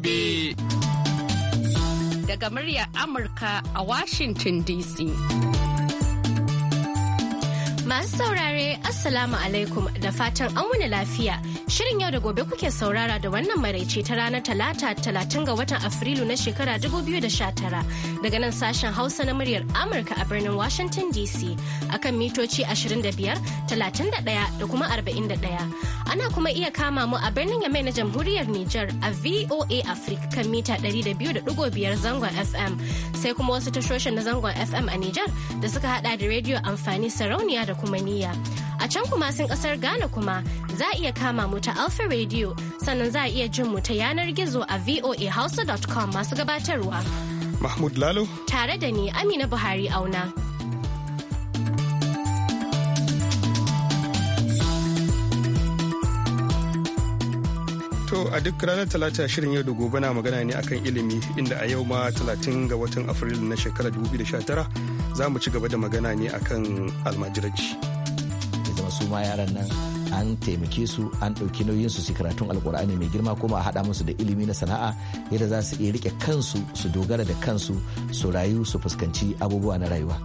gobe. Daga muryar Amurka a Washington DC. Masu saurare, Assalamu alaikum da fatan an wuni lafiya. Shirin yau da gobe kuke saurara da wannan maraice ta ranar Talata talatin ga watan Afrilu na shekara 2019 daga nan sashen Hausa na muryar Amurka a birnin Washington DC akan mitoci 25, 31 da kuma 41. Ana kuma iya kama mu a birnin Yamai na Jamhuriyar Nijar a VOA Africa kan mita 200.5 zangon FM. Sai kuma wasu tashoshin na zangon FM a Nijar da suka hada da rediyo amfani sarauniya da kuma niyya. A can kuma sun kasar Ghana kuma za a iya kama mu ta Alpha Radio sannan za a iya jin mu ta yanar gizo a voahausa.com masu gabatarwa. Mahmud Lalo. Tare da ni Amina Buhari Auna. To a duk ranar talata shirin yau da gobe na magana ne akan ilimi inda a yau ma talatin ga watan Afrilu na shekarar 2019 za mu ci gaba da magana ne akan almajiraji. da zama su ma yaran nan an taimake su an ɗauki nauyin su su karatun alkur'ani mai girma kuma a haɗa musu da ilimi na sana'a yadda za su iya rike kansu su dogara da kansu su rayu su fuskanci abubuwa na rayuwa.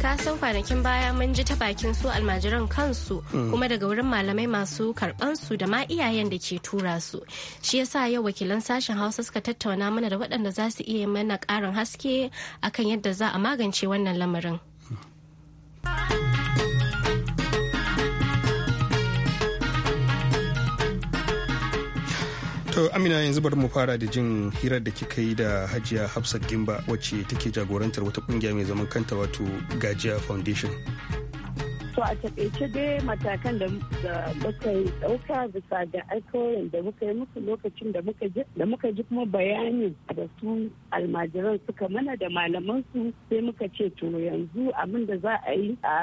ka san kwanakin baya mun ji ta bakin su almajiran kansu mm. kuma daga wurin malamai masu karban su da ma iyayen da ke tura su shi yasa yau wakilan sashen hausa suka tattauna mana da waɗanda za su iya mana ƙarin haske akan yadda za a magance wannan lamarin To Amina yanzu bari mu fara da jin hirar da kika yi da Hajiya Hafsat Gimba wacce take jagorantar wata kungiya mai zaman kanta wato Gajiya Foundation. to a takaice dai matakan da muka dauka bisa ga alkawarin da muka yi musu lokacin da muka ji kuma bayani da su almajiran suka mana da malamansu sai muka ce to yanzu abin da za a yi a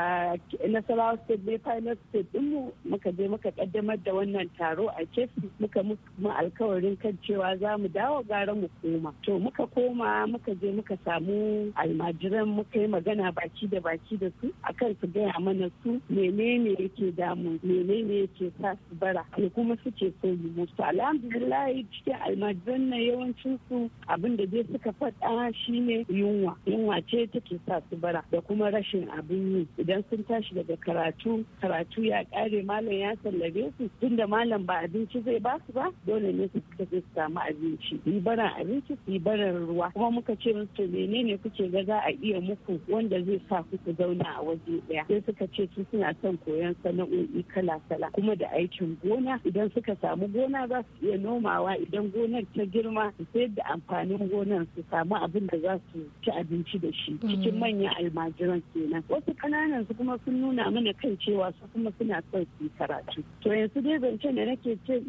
nasarawa state ne final state dinmu muka je muka kaddamar da wannan taro a kefi muka mu alkawarin kan cewa za mu dawo gara mu koma to muka koma muka je muka samu almajiran muka yi magana baki da baki da su akan su gaya mana su su menene yake damu menene yake sa su bara da kuma suke so yi musu alhamdulillah cikin almajiran na yawancin su abin da zai suka faɗa shine yunwa yunwa ce take sa su bara da kuma rashin abin yi idan sun tashi daga karatu karatu ya ƙare malam ya sallabe su tunda malam ba abinci zai ba su ba dole ne su tafi su samu abinci yi baran abinci su yi baran ruwa kuma muka ce musu menene kuke ga za a iya muku wanda zai sa ku ku zauna a waje ɗaya sai suka ce yawanci suna son koyon sana'o'i kala-kala kuma da aikin gona idan suka samu gona za su iya nomawa idan gonar ta girma su sayar da amfanin gonar su samu abin da za su ci abinci da shi mm. cikin manyan almajiran kenan wasu kananan su kuma sun nuna mana kan cewa su kuma suna son su yi karatu to yanzu dai zancen da nake ce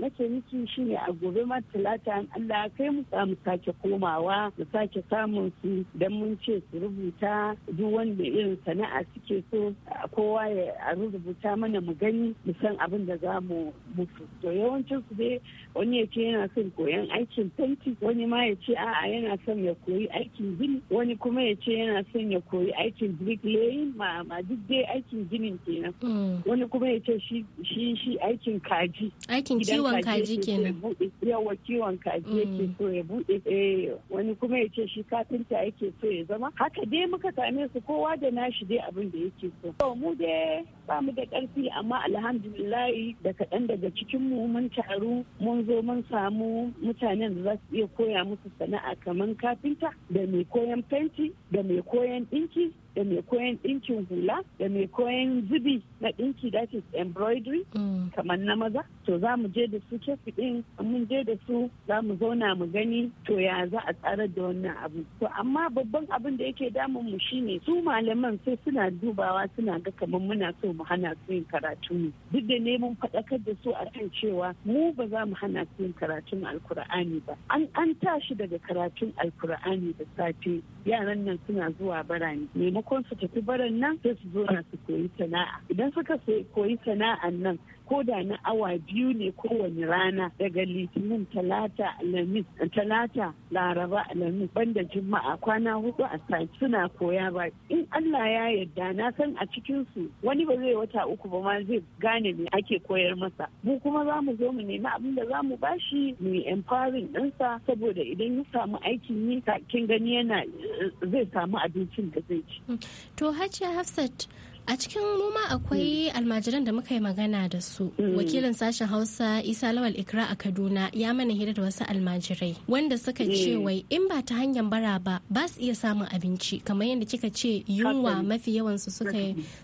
nake miki shine a gobe ma talata Allah kai mu mu sake komawa mu sake samun su dan mun ce su rubuta duk wanda irin sana'a suke so kowa ya rubuta mana mu gani mu san abin da za mu mutu to yawancin su dai wani ya ce yana son koyan aikin tanki wani ma ya ce a'a yana son ya koyi aikin gini wani kuma ya ce yana son ya koyi aikin bricklaying ma ma duk dai aikin ginin kenan mm. wani kuma ya ce shi shi shi aikin kaji aikin kiwon kaji kenan yawa kiwon kaji yake so ya bude mm. eh, wani kuma ya ce shi kafinta yake so ya zama haka dai muka same su kowa da nashi dai abin da yake so to mu dai ba mu da ƙarfi amma alhamdulillahi da kaɗan daga cikin mu mun taru mun zo mun samu mutanen da za su iya koya musu sana'a kamar kafinta da mai koyan fenti da mai koyan ɗinki da mai koyan ɗinkin hula da mai koyan zubi na ɗinki that is embroidery mm. kamar na maza to za mu je da su kefi ɗin mun je da su za mu zauna mu gani to ya za a tsarar da wannan abu to amma babban abin da yake damun mu shine su malaman sai suna dubawa suna ga kamar muna so mu hana su yin karatu ne duk da ne mun faɗakar da su akan cewa mu ba za mu hana su yin karatun alkur'ani ba an an tashi daga karatun alkur'ani da safe yaran nan suna zuwa barani maimakon su tafi barin nan sai su zo na su koyi sana'a idan suka koyi sana'an nan koda na awa biyu ne kowane rana daga litinin talata alamis talata laraba alamis banda juma'a kwana hudu a sati suna koya ba in Allah ya yadda na san a cikin su wani ba zai wata uku ba ma zai gane me ake koyar masa mu kuma za mu zo mu nemi abin da za mu bashi mu empowering ɗinsa saboda idan ya samu aikin yi kin gani yana eh, zai samu abincin da zai ci hmm. to Hajiya Hafsat a cikin noma akwai hmm. almajiran da muka yi magana da su hmm. wakilin sashen hausa isa lawal ikra a kaduna ya mana hira da wasu almajirai wanda suka ce hmm. wai in ba ta hanyar bara ba ba su iya samun abinci kamar yadda kika ce yunwa mafi yawansu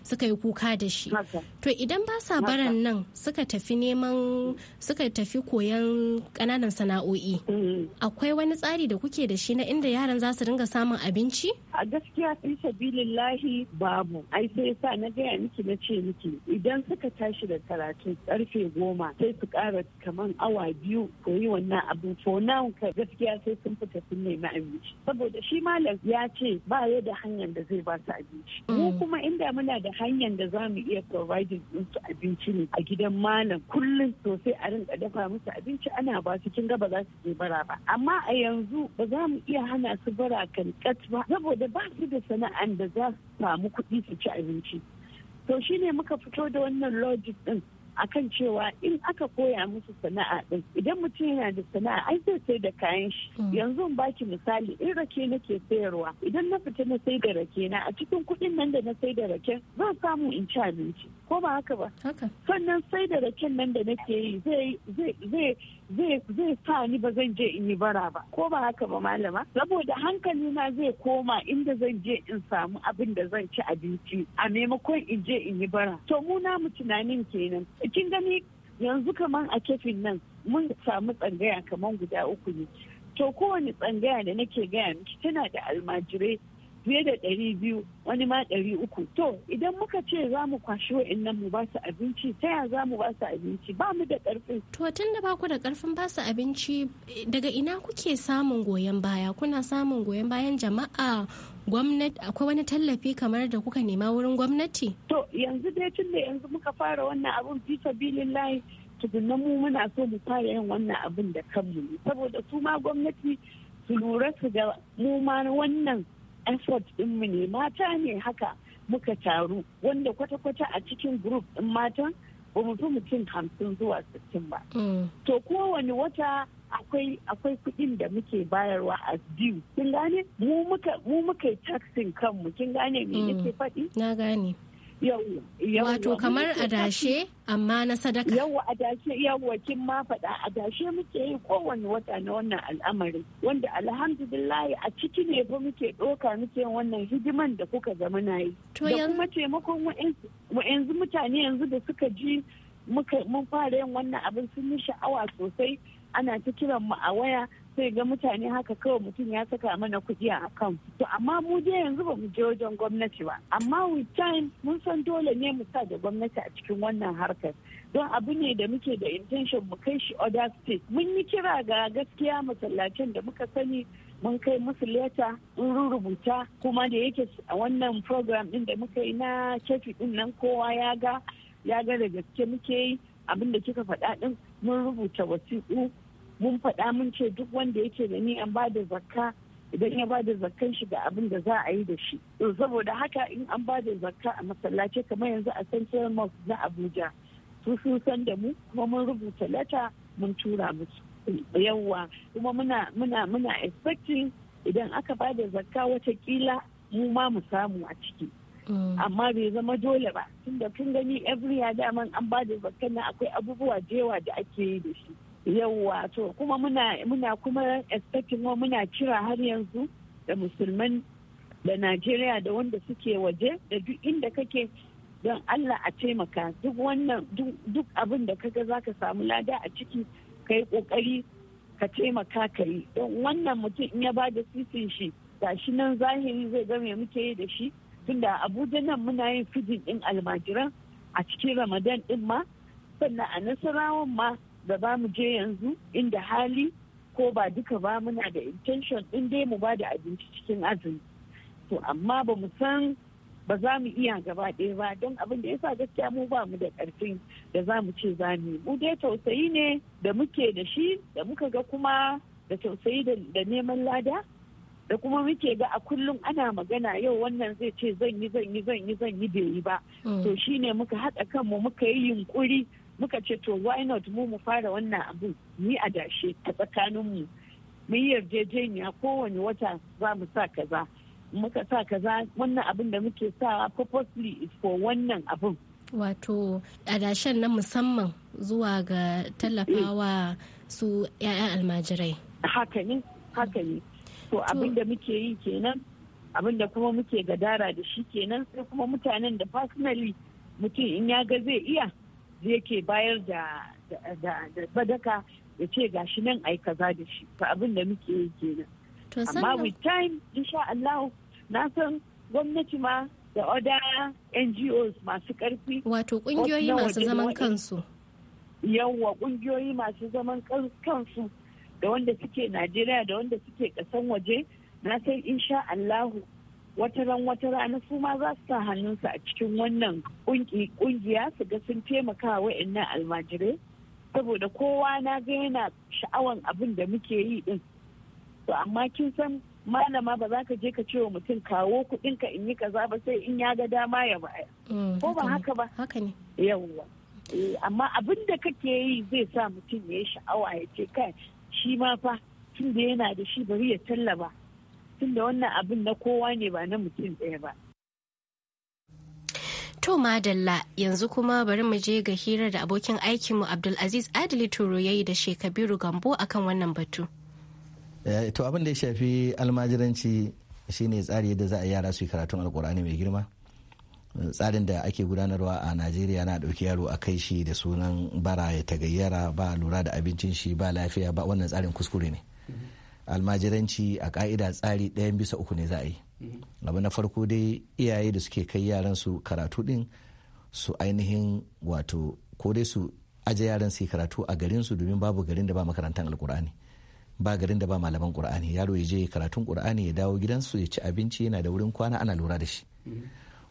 suka yi kuka da shi to idan ba sa baran nan suka tafi neman suka tafi koyan kananan sana'o'i akwai wani tsari da kuke da shi na inda yaran za su dinga samun abinci a gaskiya fi sabilillahi babu ai sai sa na gaya miki na ce miki idan suka tashi da karatu karfe goma sai su kara kaman awa biyu ko yi wannan abu to nan ka gaskiya sai sun fita sun nemi abinci saboda shi malam ya ce ba ya da hanyar da zai ba su abinci mu mm. kuma inda muna da hanyar da za mu iya providing su abinci ne a gidan malam kullum sosai a rinka dafa musu abinci ana ba su kin ga ba za su je bara ba amma a yanzu ba za mu iya hana su bara kankat ba saboda ba su da sana'an da za su samu kuɗi su ci abinci to shi ne muka fito da wannan logic din akan cewa in aka koya musu sana'a din idan mutum yana da sana'a ai zai sai da kayan shi hmm. yanzu in baki misali in rake nake sayarwa idan na fita na sai da rake na a cikin kuɗin nan da na sai da rake zan samu in ci abinci ko ba haka ba sannan sai da raken nan da nake yi zai zai sa ni ba zan je in yi bara ba ko ba haka ba malama saboda hankali na zai koma inda zan je in samu abin da zan ci abinci a maimakon in je in yi bara to mu mu tunanin kenan kin gani yanzu kaman a kefin nan mun samu tsangaya kaman guda uku ne to kowane tsangaya da nake gaya miki tana da almajirai fiye da ɗari biyu wani ma ɗari uku to idan muka ce za mu kwashi nan mu ba su abinci ta ya za mu ba su abinci ba mu da ƙarfin. to tun da ba ku da ƙarfin ba su abinci daga ina kuke samun goyon baya kuna samun goyon bayan jama'a gwamnati akwai wani tallafi kamar da kuka nema wurin gwamnati. to yanzu dai tun da yanzu muka fara wannan abun bisa bilin layi tukunan mu muna so mu fara yin wannan abin da kanmu saboda su ma gwamnati su lura su ga mu ma wannan effort mu ne mata ne haka muka taru wanda kwata-kwata a cikin group din matan ba mu fi mutum hamsin zuwa sittin ba. Mm. To kowane wata akwai akwai kuɗin da muke bayarwa a due. Kin gane? Mu muka mu muka taxin kanmu. Kin gane me mm. nake faɗi? Na gane. Wato kamar adashe amma na sadaka. Yawwa adashe yawwa kin ma faɗa adashe muke yi kowane wata na wannan al'amarin wanda alhamdulillahi a ciki ne fa muke ɗoka muke wannan hidiman da kuka zama na yi. Da kuma taimakon wa'yanzu mutane yanzu da suka ji mun fara yin wannan abin sun yi sha'awa sosai ana ta kiran mu a waya sai ga mutane haka kawai mutum ya saka mana kuɗi a account to amma mu je yanzu ba mu je wajen gwamnati ba amma with time mun san dole ne mu sa da gwamnati a cikin wannan harkar don abu ne da muke da intention mu kai shi other state mun yi kira ga gaskiya masallacin da muka sani mun kai musu leta mun rubuta kuma da yake a wannan program din da muka yi na kefi din nan kowa ya ga ya ga da gaske muke yi abin da kika faɗa din mun rubuta wasiƙu mun faɗa mun ce duk wanda yake da ni an bada zakka idan ya bada zakkan shi ga abin da za a yi da shi saboda haka in an bada zakka a masallaci kamar yanzu a central mosque na abuja su sun san da mu kuma mun rubuta lata mun tura musu yawwa kuma muna muna muna expecting idan aka bada zakka watakila mu ma mu samu a ciki mm. amma bai zama dole ba tunda kun gani every year daman an bada zakka na akwai abubuwa jewa da ake yi da shi yawwa to kuma muna muna kuma expecting wa muna kira har yanzu da musulman da najeriya da wanda suke waje da duk inda kake don allah a taimaka duk wannan duk abin da kaga zaka samu lada a ciki kai kokari ka taimaka ka yi don wannan mutum in ya ba da sisin shi gashi nan zahiri zai ga me muke yi da shi tunda abuja nan muna yin fijin din almajiran a cikin ramadan din ma sannan a nasarawan ma da ba mu je yanzu inda hali ko ba duka ba muna da intention din dai mu ba da abinci cikin azumi to amma ba mu san ba za mu iya gaba ɗaya ba don abin da yasa gaskiya mu ba mu da ƙarfin da za mu ce za mu mu dai tausayi ne da muke da shi da muka ga kuma da tausayi da neman lada da kuma muke ga a kullum ana magana yau wannan zai ce zan yi zan yi zan yi bai yi ba mm. to shine muka haɗa kanmu muka yi yunƙuri muka ce to why not mu mu fara wannan abu ni a dashe ta tsakaninmu mun yarjejeniya kowane wata za mu sa kaza muka sa kaza wannan abin da muke sa purposely is for wannan abin wato adashen na musamman zuwa ga tallafawa su 'ya'yan almajirai haka ne haka ne to abin da muke yi kenan abin da kuma muke gadara da shi kenan sai kuma mutanen da personally mutum in ya ga zai iya yake bayar da sadaka ya ce gashi nan ai kaza da shi ta abin da muke yi kenan amma with time insha Allah na san gwamnati ma da oda NGOs masu karfi wato kungiyoyi masu zaman kansu yawwa kungiyoyi masu zaman kansu da wanda suke Najeriya da wanda suke kasan waje na san insha Allah wata ran wata rana su ma za su sa hannunsu a cikin wannan kungiya su ga sun taimaka wa'annan almajirai saboda kowa na ga yana sha'awan abin da muke yi din to amma kin san malama ba za ka je ka ce wa mutum kawo kuɗin ka in yi kaza ba sai in ya ga dama ya baya mm, ko ba haka ba haka ne yawwa eh, amma abin da kake yi zai sa mutum ya yi sha'awa ya ce kai shi ma fa tun da yana da shi bari ya tallaba tunda wannan abin na kowa ne ba na mutum ɗaya ba. To Madalla yanzu kuma bari mu je ga hirar da abokin aikinmu Abdulaziz Adili Turo ya yi da Shekabiru Gambo akan wannan batu. Eh, to abin da ya shafi almajiranci shine tsari yadda za a yara su yi karatun alkur'ani mai girma. tsarin da ake gudanarwa a najeriya na ɗauki yaro a kai shi da sunan bara ya tagayyara ba lura da abincin shi ba lafiya ba wannan tsarin kuskure ne. almajiranci a ka'ida tsari ɗayan bisa uku ne za a yi mhm. abu na farko dai iyaye da suke kai yaran su karatu din su ainihin wato ko dai su aje yaran su karatu a garin su domin babu garin da ba makarantar alkur'ani ba garin da ba malaman qur'ani yaro ya je karatun qur'ani ya dawo gidansu ya ci abinci yana da wurin kwana ana lura da shi mhm.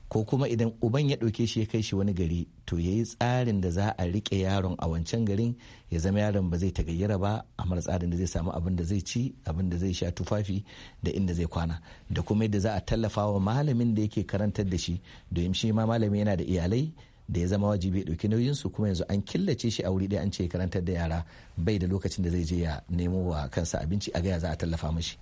ko kuma idan uban ya ɗauke shi ya kai shi wani gari to ya yi tsarin da za a riƙe yaron a wancan garin ya zama yaron ba zai tagayyara ba a mara tsarin da zai samu abin da zai ci abin da zai sha tufafi da inda zai kwana da kuma yadda za a tallafa wa malamin da yake karantar da shi domin shi ma malami yana da iyalai da ya zama wajibi ya ɗauki nauyinsu kuma yanzu an killace shi a wuri ɗaya an ce karantar da yara bai da lokacin da zai je ya nemo wa kansa abinci a gaya za a tallafa mashi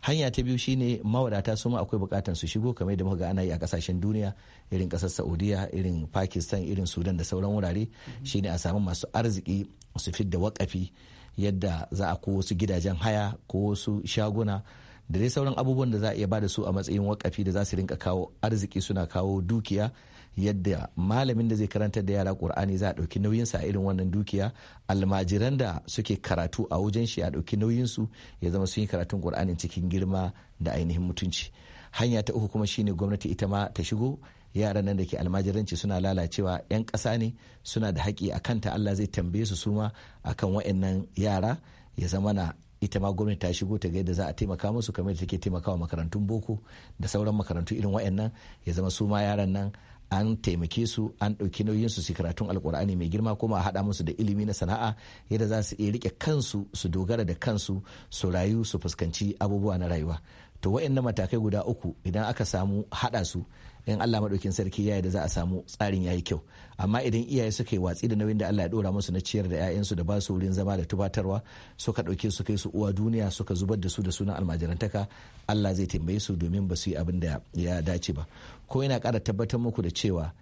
hanya ta biyu shine mawadata su ma akwai bukatan su shigo kamar da muka ga ana yi a kasashen duniya irin kasar saudiya irin pakistan irin sudan da sauran wurare mhm. shine a samu masu arziki su fidda wakafi yadda za a ko wasu gidajen haya ko wasu shaguna da dai sauran abubuwan da za a iya ba da su a matsayin wakafi da za su rinka kawo arziki suna kawo dukiya yadda malamin da zai karantar da yara qur'ani za a ɗauki nauyinsa a irin wannan dukiya almajiran da suke karatu a wajen shi a ɗauki su ya zama sun yi karatun qur'anin cikin girma da ainihin mutunci hanya ta uku kuma shine gwamnati ita ma ta shigo yaran nan da ke almajiranci suna lalacewa 'yan ƙasa ne suna da haƙi a kanta allah zai tambaye su suma akan waɗannan yara ya zama na ita ma gwamnati ta shigo ta ga yadda za a taimaka musu kamar da take taimakawa makarantun boko da sauran makarantu irin wa'annan ya zama su ma yaran nan an taimake su an ɗauki nauyin su su karatun alkur'ani mai girma kuma a haɗa musu da ilimi na sana'a yadda za su iya rike kansu su dogara da kansu su rayu su fuskanci abubuwa na rayuwa to wa'annan matakai guda uku idan aka samu haɗa su in Allah maɗaukin sarki ya da za a samu tsarin yayi kyau amma idan iyaye suka yi watsi da nauyin da Allah ya dora musu na ciyar da 'ya'yansu da ba su wurin zama da tubatarwa suka ɗauke su kai su uwa duniya suka zubar da su da sunan almajirantaka Allah zai tambaye su domin ba su yi abin da ya dace ba ko yana ƙara tabbatar muku da cewa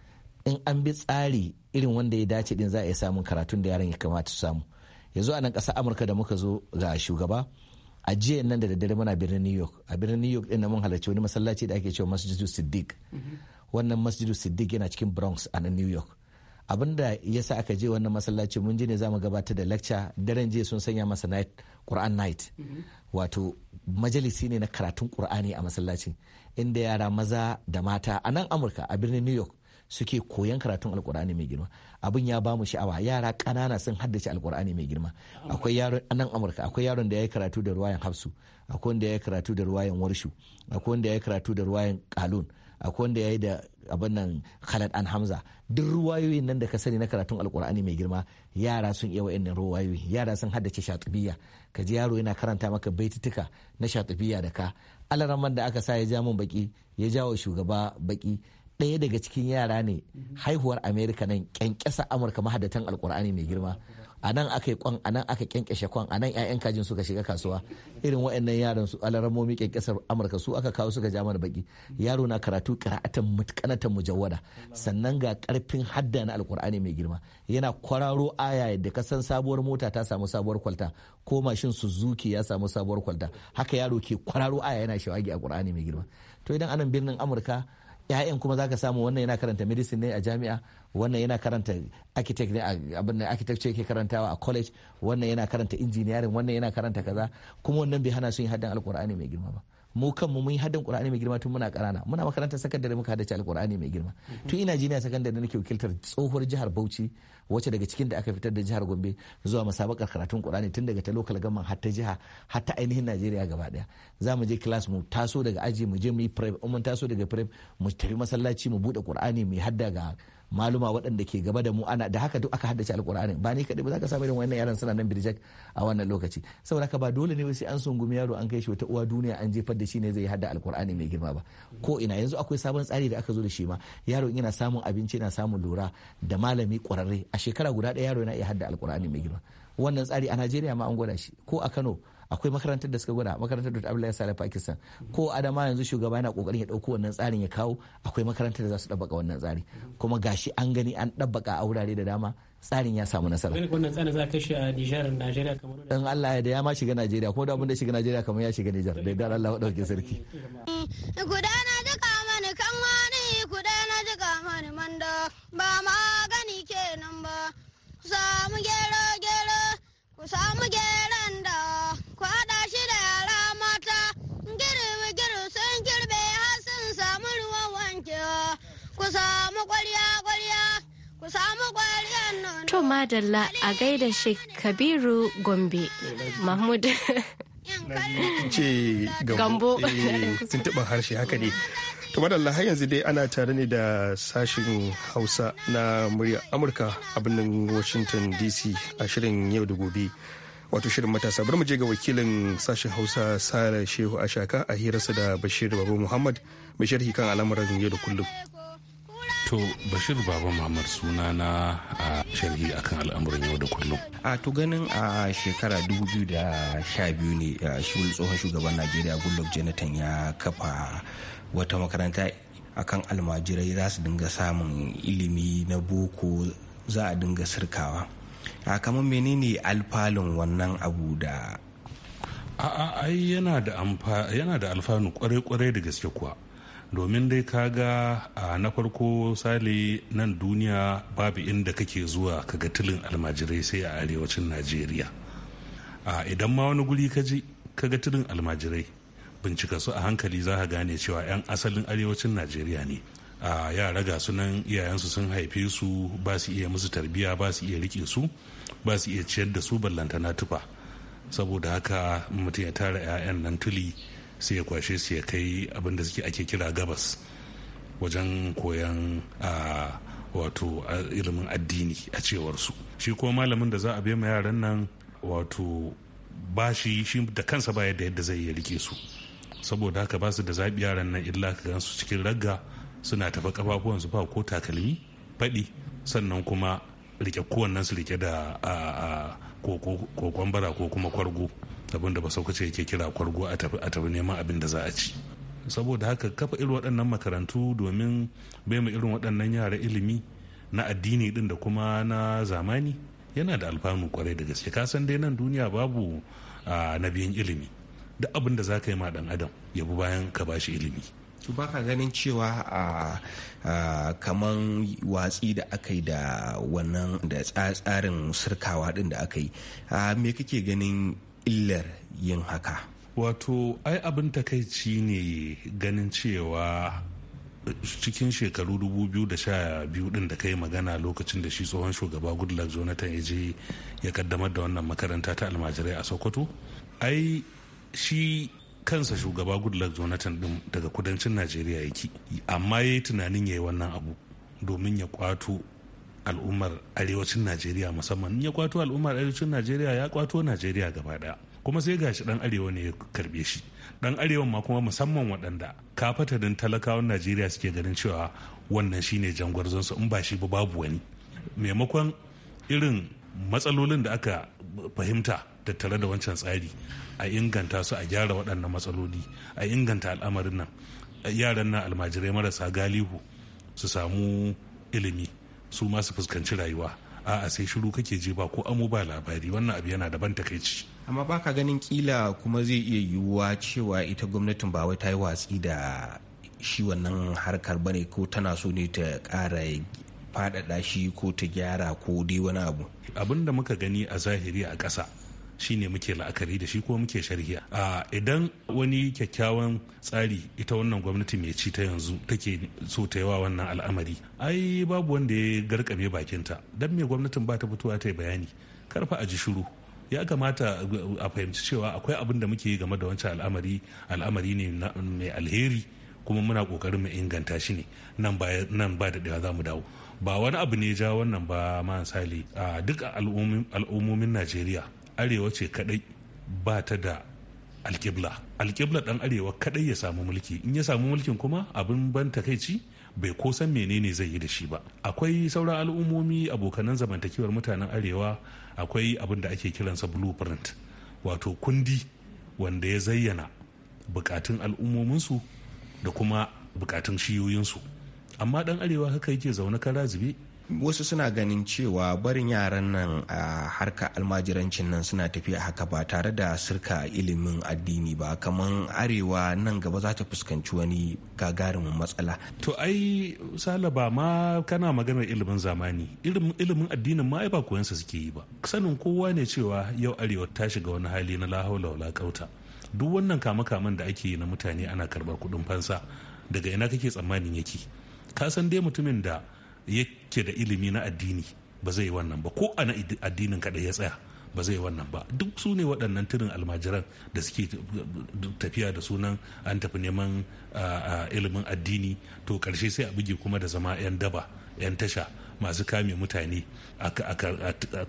in an bi tsari irin wanda ya dace din za a iya samun karatun da yaran ya kamata su samu yanzu a nan ƙasar amurka da muka zo ga shugaba a jiya nan da daddare muna birnin new york a birnin new york din mun halarci wani masallaci da ake cewa masjidu siddiq wannan masjidu siddiq yana cikin bronx a nan new york abinda ya sa aka je wannan masallaci mun je ne mu gabatar da lecture daren jiya sun sanya masa night quran night wato majalisi ne na karatun qur'ani a masallacin inda yara maza da mata a nan amurka a birnin new york suke koyan karatun alkur'ani mai girma abin ya bamu sha'awa yara ƙanana sun haddace alkur'ani mai girma akwai yaron nan amurka akwai yaron da ya yi karatu da ruwayan hafsu akwai wanda ya yi karatu da ruwayan warshu akwai wanda ya yi karatu da ruwayan kalun akwai wanda ya yi da abin nan khalad an hamza duk ruwayoyin nan da ka sani na karatun alkur'ani mai girma yara sun iya wa'annan ruwayoyi yara sun haddace shatibiya ka ji yaro yana karanta maka baitutuka na shatibiya da ka alaraman da aka sa ya ja min baki ya jawo shugaba baki ɗaya daga cikin yara ne haihuwar amerika nan kyankyasa amurka mahadatan alkur'ani mai girma a nan aka yi kwan a nan aka kyankyashe kwan a nan 'ya'yan kajin suka shiga kasuwa irin wa'annan yaran su alaramomi kyankyasar amurka su aka kawo suka ja mana baki yaro na karatu kara'atan mutkanatan mujawwada sannan ga karfin hadda na alkur'ani mai girma yana kwararo aya da ka san sabuwar mota ta samu sabuwar kwalta ko mashin suzuki ya samu sabuwar kwalta haka yaro ke kwararo aya yana shawagi a alkur'ani mai girma to idan anan birnin amurka 'ya'yan kuma zaka samu wannan yana karanta medicine ne a jami'a wannan yana karanta architect ne abin da architecture yake karantawa a college wannan yana karanta engineering wannan yana karanta kaza kuma wannan bai hana su yin haddan alkur'ani mai girma ba mu kanmu mun yi haddan qur'ani mai girma tun muna karana muna makarantar sakandare muka haddace alqur'ani mai girma tun ina jiniya sakandare nake wakiltar tsohuwar jihar Bauchi wacce daga cikin da aka fitar da jihar Gombe zuwa musabakar karatun qur'ani tun daga ta local gaman har ta jiha har ta ainihin Najeriya gaba daya za mu je class mu taso daga aji mu je mu yi prep mun taso daga prep mu tafi masallaci mu bude qur'ani mu hadda ga maluma waɗanda ke gaba da mu ana da haka duk aka haddace alkur'ani ba ni kaɗai ba za ka samu irin wannan yaran suna nan birjak a wannan lokaci saboda haka ba dole ne sai an sungumi yaro an kai shi wata uwa duniya an jefar da shi ne zai hadda alkur'ani mai girma ba ko ina yanzu akwai sabon tsari da aka zo da shi ma yaro yana samun abinci yana samun lura da malami ƙwararre a shekara guda ɗaya yaro yana iya hadda alkur'ani mai girma wannan tsari a Najeriya ma an gwada shi ko a Kano akwai makarantar da suka gwada makarantar da Abdullahi Sale Pakistan ko Adama yanzu shugaba yana kokarin ya dauko wannan tsarin ya kawo akwai makarantar da za su dabbaka wannan tsari kuma gashi an gani an dabbaka a wurare da dama tsarin ya samu nasara. Wani wannan tsarin za ka shi a Nijar, Najeriya kamar Dan Allah ya ya ma shiga Najeriya, ko da abin da shiga Najeriya kamar ya shiga Nijar, da dan Allah dauke sarki. gudana na jika mani kan wani, gudana na jika mani manda, ba magani kenan ba, ku samu gero gero, ku samu gero. samu ku samu To madalla a gaida shi Kabiru Gombe Mahmud. ce gambo eh, taɓa harshe haka ne to madalla har yanzu dai ana tare ne da sashin hausa na murya amurka a birnin washington dc a shirin yau da gobe wato shirin matasa bari mu je ga wakilin sashin hausa sara shehu ashaka a hirarsa da bashir babu muhammad mai sharhi kan al'amuran yau da kullum To Bashir Baba mamar suna na a sharhi akan al'amuran yau da kullum. A to ganin a shekara 2012 ne tsohon shugaban Najeriya Goodluck Jonathan ya kafa wata makaranta akan almajirai za su dinga samun ilimi na boko za a dinga sirkawa. A kamar menene alfalin wannan abu da a'a ai yana da alfanu kwarai-kwarai da gaske kuwa domin dai kaga a na farko sale nan duniya babu inda kake zuwa kaga tilin almajirai sai a arewacin najeriya a idan ma wani guri ka ji kaga tilin almajirai bincika su a hankali za ka gane cewa 'yan asalin arewacin najeriya ne a yara ga sunan iyayensu sun haife su ba su iya musu tarbiya ba su iya rike su ba su iya ciyar da su ballantana tufa saboda haka mutum ya tara 'ya'yan nan tuli sai ya kwashe su ya kai abin da suke ake kira gabas wajen koyan a wato ilimin addini a cewarsu shi ko malamin da za a ma yaran nan wato ba shi shi da kansa ba yadda yadda zai yi rike su saboda haka ba su da zaɓi yaran nan illa ka su cikin ragga suna tafa kafafuwansu ba ko takalmi faɗi sannan kuma rike kowannen su rike da kokon bara ko kuma kwargo abin da ba sauka ce yake kira kwargo a tafi neman abin da za a ci saboda haka kafa irin waɗannan makarantu domin bai mu irin waɗannan yara ilimi na addini din da kuma na zamani yana da alfanu kwarai da gaske ka san dai nan duniya babu na biyan ilimi duk abin da za ka yi ma dan adam ya bi bayan ka ba shi ilimi to ka ganin cewa a kaman watsi da aka yi da wannan da tsarin sirkawa din da aka yi me kake ganin illar yin haka wato ai abin takaici ne ganin cewa cikin shekaru 2012 din da ka yi magana lokacin da shi tsohon shugaba goodluck jonathan ya je ya kaddamar da wannan makaranta ta almajirai a sokoto ai shi kansa shugaba goodluck jonathan din daga kudancin najeriya yake amma ya yi tunanin ya yi wannan abu domin ya kwato al'ummar arewacin najeriya musamman ya kwato al'ummar arewacin najeriya ya kwato najeriya gaba daya kuma sai gashi dan arewa ne ya karbe shi dan arewan ma kuma musamman waɗanda kafatarin talakawan najeriya suke ganin cewa wannan shine su in ba shi ba babu wani maimakon irin matsalolin da aka fahimta tattare da wancan tsari a inganta su a gyara waɗannan matsaloli a inganta al'amarin nan yaran na almajirai marasa galihu su samu ilimi su ma su fuskanci rayuwa a'a sai shiru kake je ba ko amo ba labari wannan abu yana daban takaici amma baka ganin kila kuma zai iya yiwuwa cewa ita gwamnatin ba wai ta yi watsi da shi wannan harkar bane ko tana so ne ta kara faɗaɗa shi ko ta gyara ko dai wani abu abin da muka gani a zahiri a ƙasa shi ne muke la'akari da shi ko muke sharhiya a idan wani kyakkyawan tsari ita wannan gwamnati mai ci ta yanzu take so ta yawa wannan al'amari ai babu wanda ya garkame bakinta dan me gwamnatin ba ta fitowa ta yi bayani karfa a ji shiru ya kamata a fahimci cewa akwai abin da muke yi game da wancan al'amari al'amari ne mai alheri kuma muna kokarin mu inganta shi ne nan ba da ɗaya za mu dawo ba wani abu ne ja wannan ba ma misali a duk al'ummomin najeriya arewa ce kadai ba ta da alkibla alkibla dan arewa kadai ya samu mulki in ya samu mulkin kuma abin ban takaici bai ko san menene zai yi da shi ba akwai sauran al'ummomi abokanan zamantakewar mutanen arewa akwai abin da ake kiransa blueprint wato kundi wanda ya zayyana bukatun al'ummominsu da kuma bukatun shiyoyinsu amma dan arewa haka yake zaune kara zube wasu suna ganin cewa barin yaran nan a harka almajirancin nan suna tafiya haka ba tare da sirka ilimin addini ba kamar arewa nan gaba za ta fuskanci wani gagarumin matsala to ai sala ba ma kana maganar ilimin zamani ilimin addinin ma ai ba koyansa suke yi ba sanin kowa ne cewa yau arewa ta shiga wani hali na lahaula wala kauta duk wannan kama-kaman da ake yi na mutane ana karbar kuɗin fansa daga ina kake tsammanin yake ka san dai mutumin da yake da ilimi na addini ba zai yi wannan ba ko ana addinin kaɗai ya tsaya ba zai wannan ba duk su ne waɗannan turin almajiran da suke tafiya da sunan an tafi neman ilimin addini to ƙarshe sai a buge kuma da zama 'yan daba 'yan tasha masu kame mutane a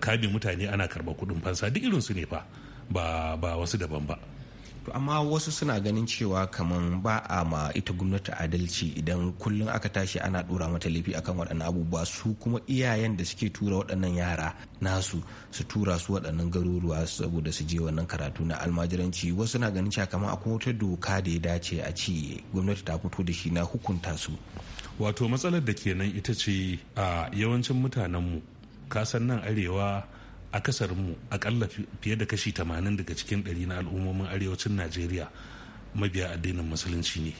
kame mutane ana karɓar kuɗin fansa duk irin su ne fa ba wasu daban ba to amma wasu suna ganin cewa kaman ba a ma ita gwamnati adalci idan kullum aka tashi ana dora mata laifi akan waɗannan abubuwa su kuma iyayen da suke tura waɗannan yara nasu su tura su waɗannan garuruwa saboda su je wannan karatu na almajiranci wasu na ganin cewa kamar akwai wata doka da ya dace a ce gwamnati ta fito da shi na hukunta su wato matsalar da kenan ita ce a yawancin mutanenmu kasan nan arewa akasarinmu akalla fiye da kashi 80 daga cikin ɗari na al'ummomin arewacin najeriya mabiya addinin musulunci ne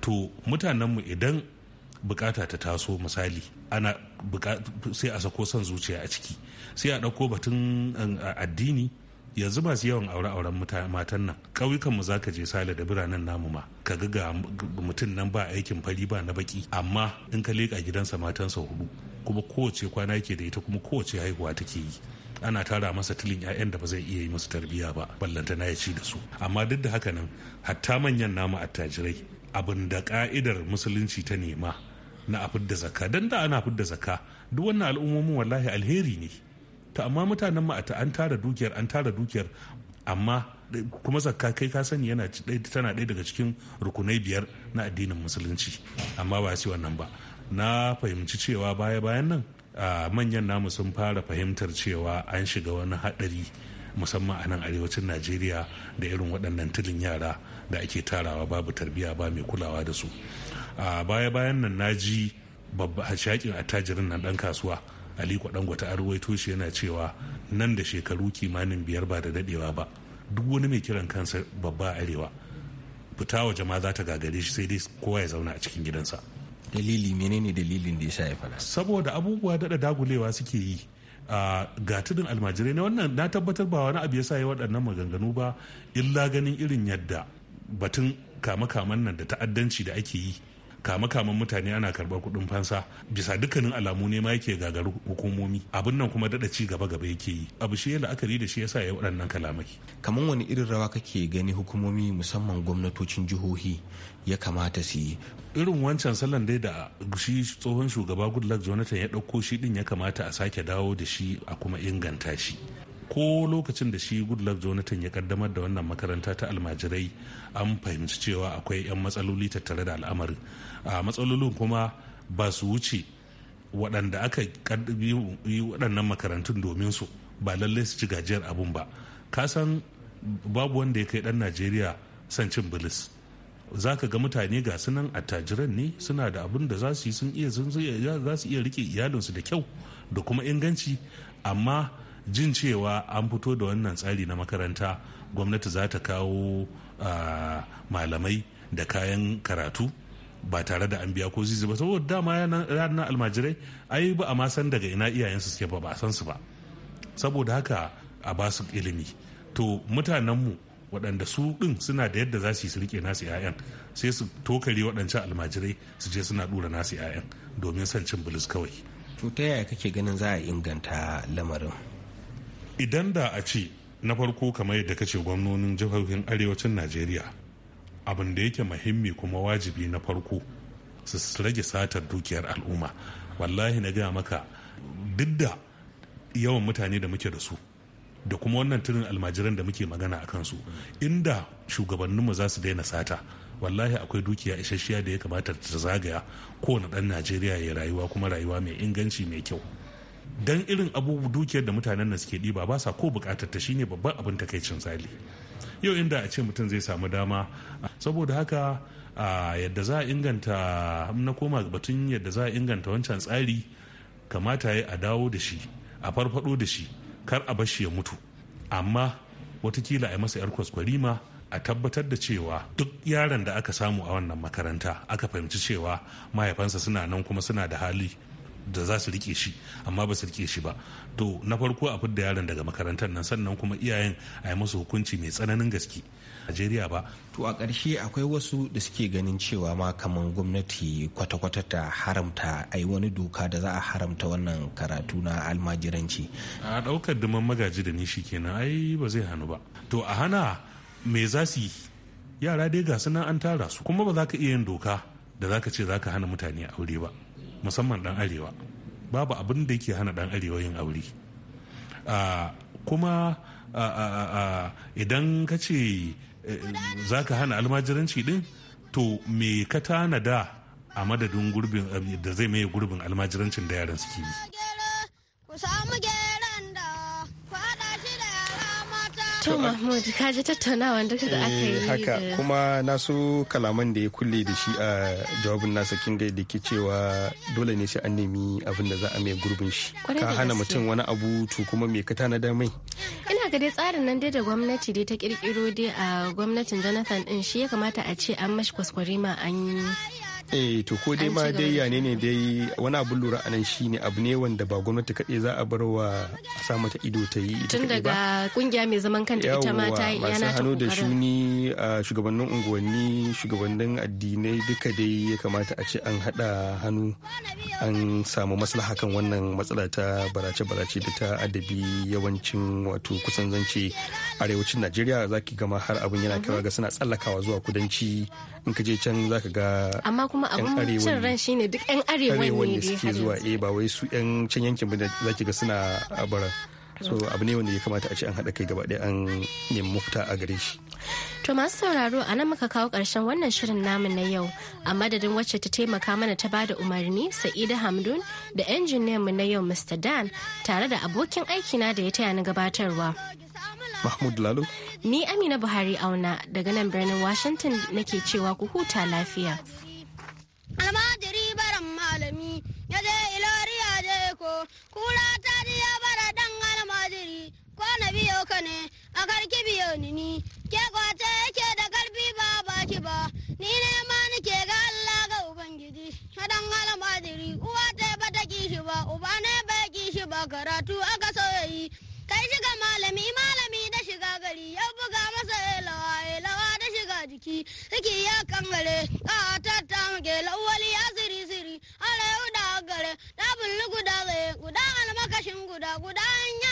to mutanenmu idan bukata ta taso misali ana sai a sako son zuciya a ciki sai a ɗauko batun um, addini yanzu masu yawan aure-auren matan nan ƙauyukanmu za ka je sale da biranen namu ma ka ga ga mutum nan ba aikin fari ba na baki amma in ka leƙa gidansa matansa hudu kuma kowace kwana yake da ita kuma kowace haihuwa take yi ana tara masa tilin 'ya'yan da ba zai iya yi tarbiyya ba ballantana ya ci da su amma duk da haka nan hatta manyan namu attajirai abin da ka'idar musulunci ta nema na afid da zakka, don da ana afid da zakka, duk wannan al'ummomin wallahi alheri ne ta amma mutanen mu an tara dukiyar an tara dukiyar amma kuma zakka kai ka sani yana tana ɗaya daga cikin rukunai biyar na addinin musulunci amma ba sai wannan ba na fahimci cewa baya bayan nan manyan namu sun fara fahimtar cewa an shiga wani haɗari musamman a nan arewacin najeriya da irin waɗannan tilin yara da ake tarawa babu tarbiyya ba mai kulawa da su a baya bayan nan na ji babba attajirin nan ɗan kasuwa aliko dangote gwata arwaito shi yana cewa nan da shekaru kimanin biyar ba da daɗewa ba duk wani mai kiran kansa babba arewa fita wa jama'a za ta gagare shi sai dai kowa ya zauna a cikin gidansa dalili menene dalilin da ya sa ya saboda abubuwa dada dagulewa suke yi a gatunan almajirai ne wannan na tabbatar ba wani abu ya sa ya waɗannan maganganu ba illa ganin irin yadda batun kama kaman nan da ta'addanci da ake yi kama-kaman mutane ana karɓar kuɗin fansa bisa dukkanin alamu ne ma yake gagari hukumomi abin nan kuma daɗa ci gaba gaba yake yi abu shi ya la'akari da shi yasa ya waɗannan kalamai kamar wani irin rawa kake gani hukumomi musamman gwamnatocin jihohi ya kamata su yi irin wancan salon dai da shi tsohon shugaba goodluck jonathan ya ɗauko shi din ya kamata a sake dawo da shi a kuma inganta shi ko lokacin da shi goodluck jonathan ya kaddamar da wannan makaranta ta almajirai an fahimci cewa akwai 'yan matsaloli tattare da al'amarin a matsalolin kuma ba su wuce waɗanda aka yi waɗannan makarantun domin su ba lallai su ci gajiyar abun ba ka san babu wanda ya kai ɗan najeriya son cin bilis za ka ga mutane ga sunan attajiran ne suna da abin da za su yi za su iya rike iyalinsu da kyau da kuma inganci amma jin cewa an fito da wannan tsari na makaranta gwamnati za ta kawo malamai da kayan karatu ba tare da an biya ko zizi ba saboda dama yana almajirai ai ba a ma san daga ina iyayensu suke ba ba san su ba saboda haka a ba su ilimi to mutanenmu waɗanda su ɗin suna da yadda za su yi su rike nasu 'ya'yan sai su tokare waɗancan almajirai su je suna ɗura nasu 'ya'yan domin son cin bulus kawai to ta yaya kake ganin za a inganta lamarin idan da a ce na farko kamar yadda kace gwamnonin jihohin arewacin najeriya abin da yake muhimmi kuma wajibi na farko su rage satar dukiyar al'umma wallahi na gaya maka duk da yawan mutane da muke da su da kuma wannan turin almajiran da muke magana a kansu inda shugabanninmu za su daina sata wallahi akwai dukiya isasshiya da ya kamata ta zagaya kowane dan najeriya ya rayuwa kuma rayuwa mai inganci mai kyau don irin abubuwan dukiyar da mutanen nan suke ɗiba ba sa ko bukatar ta shine babban abin takaicin zali yau inda a ce mutum zai samu dama saboda haka yadda za a inganta na koma batun yadda za a inganta wancan tsari kamata ya a dawo da shi a farfado da shi kar a bashi ya mutu amma watakila a yi masa 'yar kwaskwarima a tabbatar da cewa duk yaron da aka samu a wannan makaranta aka fahimci cewa mahaifansa suna nan kuma suna da hali da za su rike shi amma ba su rike shi ba to na farko a fidda yaron daga makarantar nan sannan kuma iyayen a yi musu hukunci mai tsananin gaske Najeriya ba. To a ƙarshe akwai wasu da suke ganin cewa ma kamar gwamnati kwata-kwata ta haramta a yi wani doka da za a haramta wannan karatu na almajiranci. A ɗaukar duman magaji da ni shi kenan ai ba zai hannu ba. To a hana me za su yi yara dai ga nan an tara su kuma ba za ka iya yin doka da za ka ce za ka hana mutane aure ba. musamman dan arewa babu abin da yake hana dan arewa yin aure ah, kuma ah, ah, idan ka ce eh, za ka hana almajiranci din to me ka tanada a madadin gurbin eh, da zai maye gurbin almajirancin da yaran suke yi to mahmud ka ji tattaunawa da aka yi eh, haka kuma na so kalaman da ya kulle da shi a jawabin nasa kin da ke cewa dole ne sai an nemi abin da za a mai gurbin shi ka hana mutum wani abu to kuma me ka na mai ina ga dai tsarin nan dai da gwamnati dai ta kirkiro dai a gwamnatin jonathan din shi ya kamata a ce an mashi kwaskwarima an eh to ko dai ma dai ya ne dai wani abun lura anan shine abu ne wanda ba gwamnati kaɗai za a bar wa a sa mata ido ta yi ita tun daga kungiya mai zaman kanta ita ma ta yi yana ta da shuni a shugabannin unguwanni shugabannin addinai duka dai ya kamata a ce an haɗa hannu an samu maslaha kan wannan matsala ta barace-barace da ta adabi yawancin wato kusan zance arewacin najeriya zaki gama har abin yana kira ga suna tsallakawa zuwa kudanci in ka je can za ka ga amma kuma abin cin ran shine duk yan arewa ne suke zuwa eh ba wai su yan can yankin ba za ki ga suna bara so abu ne wanda ya kamata a ce an haɗa kai gaba ɗaya an nemi mafita a gare shi To masu sauraro a nan muka kawo ƙarshen wannan shirin namu na yau a madadin wacce ta taimaka mana ta bada umarni Sa'ida Hamdun da mu na yau Mr. Dan tare da abokin aikina da ya taya ni gabatarwa. Mahmud Lalo. Ni Amina Buhari auna daga nan birnin Washington nake cewa ku huta lafiya. Almajiri baran malami ya je ilori ya je ko kura ta ji ya bara dan almajiri ko na biyo ka ne a karki biyo ni ni ke kwace yake da karfi ba baki ba ni ne ma nike ga Allah ga Ubangiji dan almajiri uwa ta ba ta kishi ba uba ne bai kishi ba karatu aka soyayi kai shiga malami malami jiki suke ya kangare ka ta ta ke lawali ya siri siri ala yau da gare da bulu guda guda almakashin guda guda an